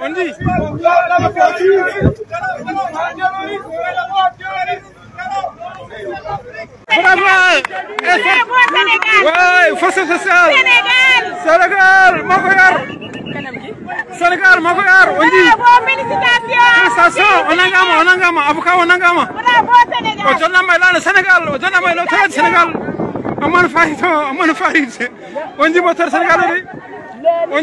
On dit Bravo Sénégal Ouais, il Sénégal Sénégal Sénégal Sénégal, ma frère, on dit. Bravo, félicitations. Félicitations, on a gama, on a gama, avocat, on a gama. Bravo, Sénégal. On a Sénégal, on a gama, on a gama, Sénégal. On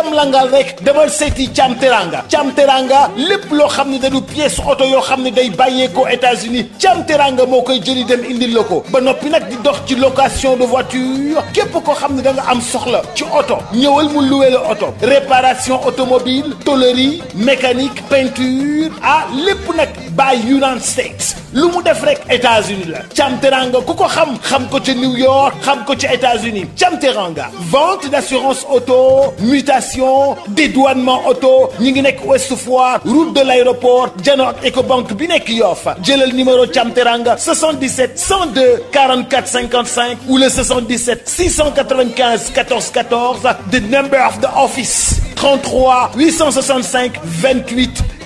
jàmm langal rek demal seti Cam Teranga Cham Teranga lépp loo xam ne dañu pièce oto yoo xam États-Unis Cham Teranga koy jëli dem indil Loko. ba nopi nak di dox ci location de voiture kep ko xamni ne da nga am soxla ci auto ñëwal mu louer le auto réparation automobile tôlerie mécanique peinture ah lepp nak by United States lu mu def rek États-Unis la Teranga ku ko xam xam ko New York xam ko ci États-Unis Cham Teranga vente d'assurance auto mutation dédouanement auto ñi ngi route de l'aéroport jano Ecobank bi nek Yoff numéro 77 102 44 55 ou le 77 695 14 14 the number of the office 33 865 28